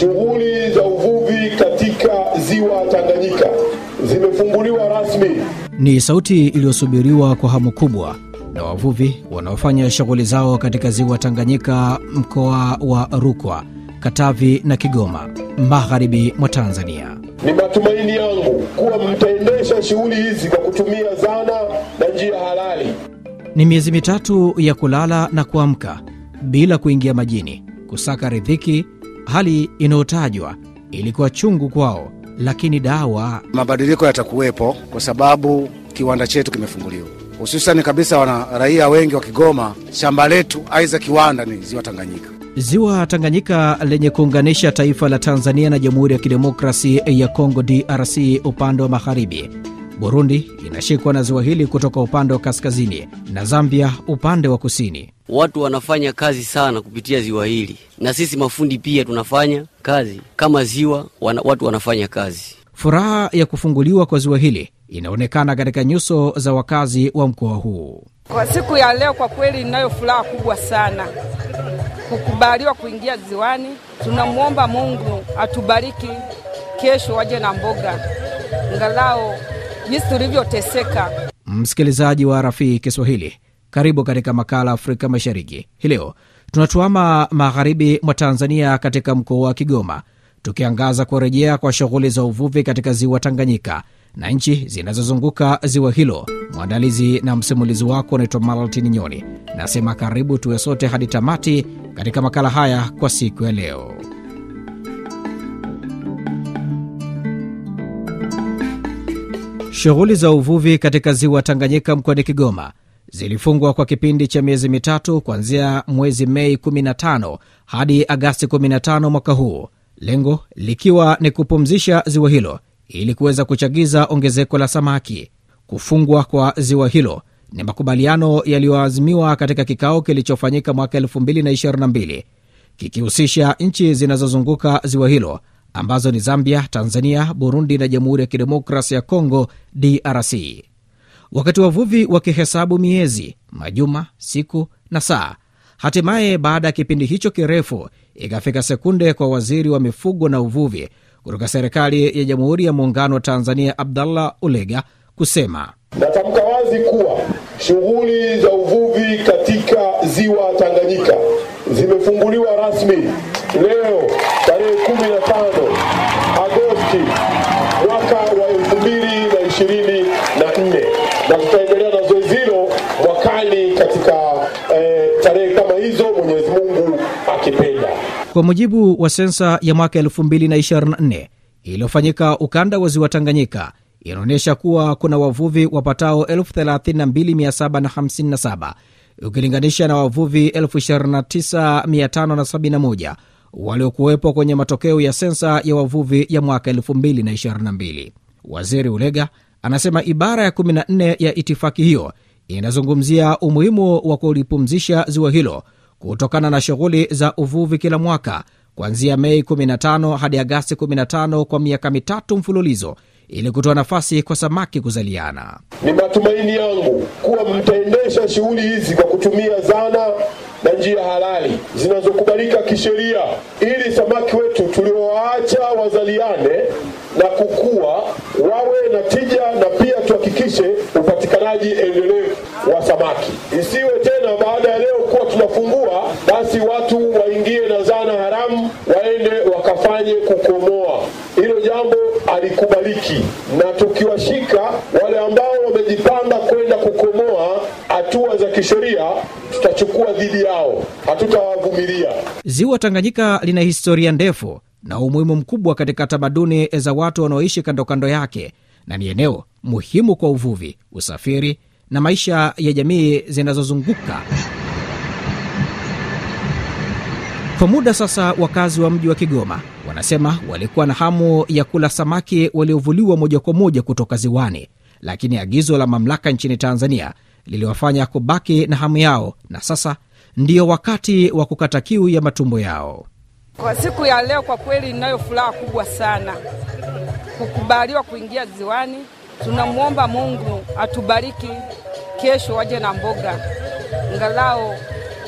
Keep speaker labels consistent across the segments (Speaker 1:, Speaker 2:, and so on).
Speaker 1: Shughuli za uvuvi katika ziwa Tanganyika zimefunguliwa rasmi.
Speaker 2: Ni sauti iliyosubiriwa kwa hamu kubwa na wavuvi wanaofanya shughuli zao katika ziwa Tanganyika, mkoa wa Rukwa, Katavi na Kigoma, magharibi mwa Tanzania.
Speaker 1: Ni matumaini yangu kuwa mtaendesha shughuli hizi kwa kutumia zana na njia halali.
Speaker 2: Ni miezi mitatu ya kulala na kuamka bila kuingia majini kusaka ridhiki hali inayotajwa ilikuwa chungu kwao, lakini dawa,
Speaker 3: mabadiliko yatakuwepo kwa sababu kiwanda chetu kimefunguliwa hususani kabisa wana raia wengi wa Kigoma, shamba letu aiza kiwanda ni ziwa Tanganyika.
Speaker 2: Ziwa Tanganyika lenye kuunganisha taifa la Tanzania na Jamhuri ya Kidemokrasi ya Kongo DRC upande wa magharibi Burundi inashikwa na ziwa hili kutoka upande wa kaskazini na Zambia upande wa kusini. Watu wanafanya kazi sana kupitia ziwa hili, na sisi mafundi pia tunafanya kazi kama ziwa wana, watu wanafanya kazi. Furaha ya kufunguliwa kwa ziwa hili inaonekana katika nyuso za wakazi wa mkoa huu. Kwa siku ya leo, kwa kweli inayo furaha kubwa sana kukubaliwa kuingia ziwani. Tunamwomba Mungu atubariki, kesho waje na mboga ngalao jinsi tulivyoteseka. Msikilizaji wa Rafii Kiswahili, karibu katika makala Afrika Mashariki. Hii leo tunatuama magharibi mwa Tanzania, katika mkoa wa Kigoma, tukiangaza kurejea kwa shughuli za uvuvi katika ziwa Tanganyika na nchi zinazozunguka ziwa hilo. Mwandalizi na msimulizi wako unaitwa Malaltini Nyoni. Nasema karibu tuwe sote hadi tamati katika makala haya kwa siku ya leo. Shughuli za uvuvi katika ziwa Tanganyika mkoani Kigoma zilifungwa kwa kipindi cha miezi mitatu kuanzia mwezi Mei 15 hadi Agasti 15 mwaka huu, lengo likiwa ni kupumzisha ziwa hilo ili kuweza kuchagiza ongezeko la samaki. Kufungwa kwa ziwa hilo ni makubaliano yaliyoazimiwa katika kikao kilichofanyika mwaka 222 kikihusisha nchi zinazozunguka ziwa hilo ambazo ni Zambia, Tanzania, Burundi na Jamhuri ya kidemokrasi ya Kongo, DRC. Wakati wavuvi wakihesabu miezi, majuma, siku na saa, hatimaye baada ya kipindi hicho kirefu ikafika sekunde kwa waziri wa mifugo na uvuvi kutoka serikali ya Jamhuri ya Muungano wa Tanzania, Abdallah Ulega kusema natamka wazi
Speaker 1: kuwa shughuli za uvuvi katika ziwa Tanganyika zimefunguliwa rasmi leo tarehe 15
Speaker 2: Kwa mujibu wa sensa ya mwaka 2024 iliyofanyika ukanda wa ziwa Tanganyika, inaonyesha kuwa kuna wavuvi wapatao 32757 ukilinganisha na wavuvi 29571 waliokuwepo kwenye matokeo ya sensa ya wavuvi ya mwaka 2022. Waziri Ulega anasema ibara ya 14 ya itifaki hiyo inazungumzia umuhimu wa kulipumzisha ziwa hilo kutokana na shughuli za uvuvi kila mwaka kuanzia Mei 15 hadi Agasti 15 kwa miaka mitatu mfululizo ili kutoa nafasi kwa samaki kuzaliana.
Speaker 1: Ni matumaini yangu kuwa mtaendesha shughuli hizi kwa kutumia zana na njia halali zinazokubalika kisheria ili samaki wetu tuliowaacha wazaliane na kukua, wawe na tija, na pia tuhakikishe upatikanaji endelevu wa samaki. Isiwe tena baada tunapokuwa tunafungua, basi watu waingie na zana haramu, waende wakafanye kukomoa. Hilo jambo alikubaliki, na tukiwashika wale ambao wamejipanga kwenda kukomoa hatua za kisheria tutachukua dhidi yao, hatutawavumilia.
Speaker 2: Ziwa Tanganyika lina historia ndefu na umuhimu mkubwa katika tamaduni za watu wanaoishi kando kando yake, na ni eneo muhimu kwa uvuvi, usafiri na maisha ya jamii zinazozunguka kwa muda sasa, wakazi wa mji wa Kigoma wanasema walikuwa na hamu ya kula samaki waliovuliwa moja kwa moja kutoka ziwani, lakini agizo la mamlaka nchini Tanzania liliwafanya kubaki na hamu yao, na sasa ndiyo wakati wa kukata kiu ya matumbo yao. Kwa siku ya leo, kwa kweli ninayo furaha kubwa sana kukubaliwa kuingia ziwani. Tunamwomba Mungu atubariki, kesho waje na mboga, ngalao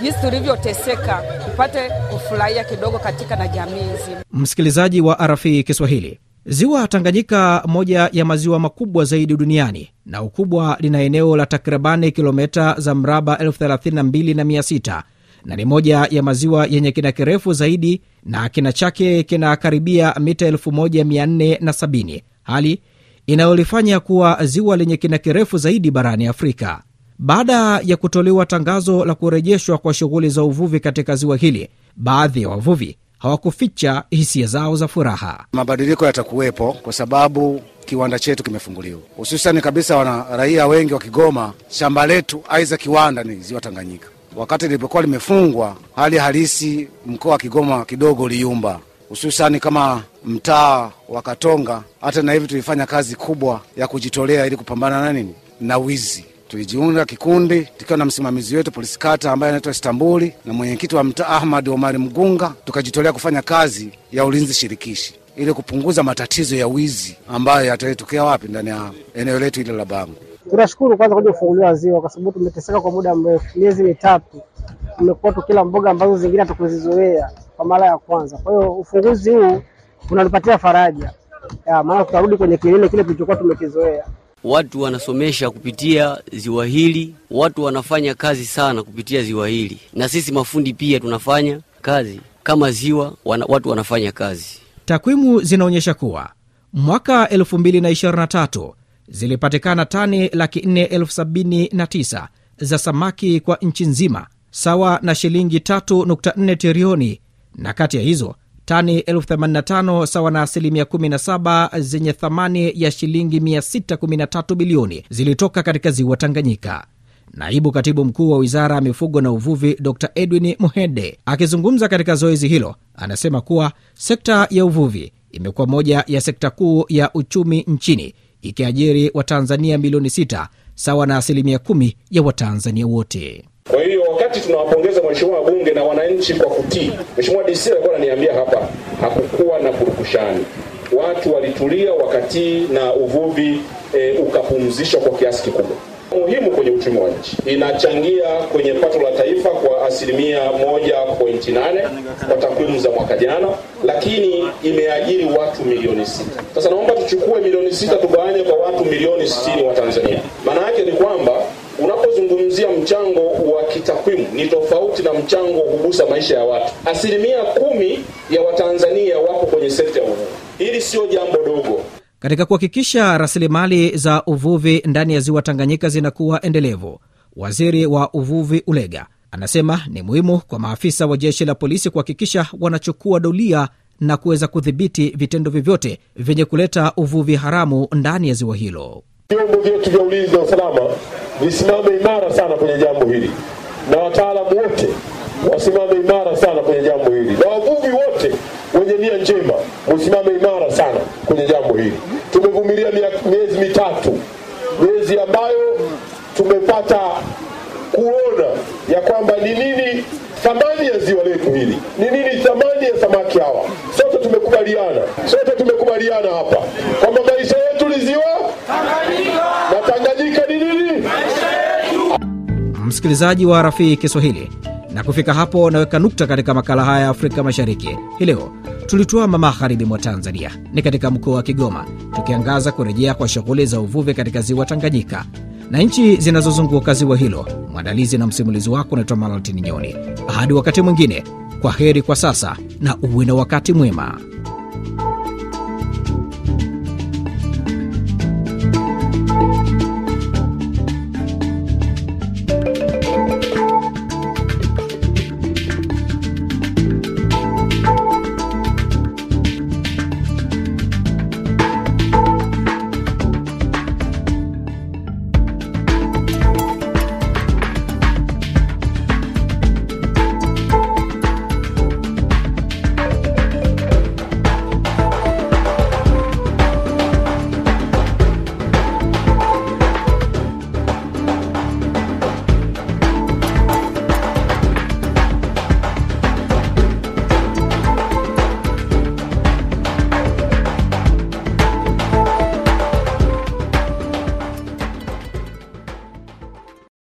Speaker 2: jinsi tulivyoteseka upate kufurahia kidogo katika na jamii nzima. Msikilizaji wa rf Kiswahili, Ziwa Tanganyika, moja ya maziwa makubwa zaidi duniani na ukubwa, lina eneo la takribani kilomita za mraba 32,600 na ni moja ya maziwa yenye kina kirefu zaidi na kina chake kinakaribia mita 1470 hali inayolifanya kuwa ziwa lenye kina kirefu zaidi barani Afrika. Baada ya kutolewa tangazo la kurejeshwa kwa shughuli za uvuvi katika ziwa hili, baadhi ya wavuvi hawakuficha hisia zao za furaha.
Speaker 3: Mabadiliko yatakuwepo kwa sababu kiwanda chetu kimefunguliwa, hususani kabisa wana raia wengi wa Kigoma. Shamba letu aiza kiwanda ni ziwa Tanganyika. Wakati lilipokuwa limefungwa, hali halisi mkoa wa Kigoma kidogo uliyumba, hususani kama mtaa wa Katonga. Hata na hivi tulifanya kazi kubwa ya kujitolea ili kupambana na nini na wizi tulijiunda kikundi tukiwa na msimamizi wetu polisi kata ambaye anaitwa Istambuli na mwenyekiti wa mtaa Ahmad Omari Mgunga, tukajitolea kufanya kazi ya ulinzi shirikishi ili kupunguza matatizo ya wizi ambayo yataitokea wapi ndani ya eneo letu hili la Bangu.
Speaker 2: Tunashukuru kwanza kuja kufunguliwa ziwa, kwa sababu tumeteseka kwa muda mrefu, miezi mitatu tumekuwa tukila mboga ambazo zingine hatukuzizoea kwa mara ya kwanza. Kwa hiyo ufunguzi huu unatupatia faraja, maana tutarudi kwenye kilele kile tulichokuwa tumekizoea watu wanasomesha kupitia ziwa hili, watu wanafanya kazi sana kupitia ziwa hili, na sisi mafundi pia tunafanya kazi kama ziwa wana, watu wanafanya kazi. Takwimu zinaonyesha kuwa mwaka 2023 zilipatikana tani laki 479 za samaki kwa nchi nzima sawa na shilingi 3.4 trilioni, na kati ya hizo tani 85 sawa na asilimia 17 zenye thamani ya shilingi 613 bilioni zilitoka katika ziwa Tanganyika. Naibu katibu mkuu wa wizara ya mifugo na uvuvi Dr Edwin Muhede akizungumza katika zoezi hilo anasema kuwa sekta ya uvuvi imekuwa moja ya sekta kuu ya uchumi nchini ikiajiri Watanzania milioni 6 sawa na asilimia 10 ya Watanzania wote.
Speaker 1: Kwa hiyo wakati tunawapongeza mheshimiwa wabunge na wananchi kwa kutii, mheshimiwa DC alikuwa ananiambia hapa, hakukuwa na kurukushani, watu walitulia wakatii na uvuvi e, eh, ukapumzishwa kwa kiasi kikubwa muhimu kwenye uchumi wa nchi. Inachangia kwenye pato la taifa kwa asilimia moja nane kwa takwimu za mwaka jana, lakini imeajiri watu milioni sita. Sasa naomba tuchukue milioni sita tugawanye kwa watu milioni sitini wa Tanzania. Maana yake ni kwamba mchango wa kitakwimu ni tofauti na mchango wa kugusa maisha ya watu. Asilimia kumi ya Watanzania wapo kwenye sekta ya uvuvi. Hili siyo jambo dogo.
Speaker 2: Katika kuhakikisha rasilimali za uvuvi ndani ya ziwa Tanganyika zinakuwa endelevu, waziri wa uvuvi Ulega anasema ni muhimu kwa maafisa wa jeshi la polisi kuhakikisha wanachukua dolia na kuweza kudhibiti vitendo vyovyote vyenye kuleta uvuvi haramu ndani ya ziwa hilo
Speaker 1: vyombo vyetu vya ulinzi na usalama visimame imara sana kwenye jambo hili, na wataalamu wote wasimame imara sana kwenye jambo hili, na wavuvi wote wenye nia njema musimame imara sana kwenye jambo hili. Tumevumilia miezi mitatu, miezi ambayo tumepata kuona ya kwamba ni nini thamani ya ziwa letu hili, ni nini thamani ya samaki hawa. Sote tumekubaliana, sote tumekubaliana hapa kwamba maisha yetu ni ziwa
Speaker 2: msikilizaji wa Rafii Kiswahili, na kufika hapo naweka nukta katika makala haya ya Afrika Mashariki hii leo. Tulituama magharibi mwa Tanzania, ni katika mkoa wa Kigoma, tukiangaza kurejea kwa shughuli za uvuvi katika ziwa Tanganyika na nchi zinazozunguka ziwa hilo. Mwandalizi na msimulizi wako unaitwa Malatini Nyoni. Hadi wakati mwingine, kwa heri kwa sasa na uwe na wakati mwema.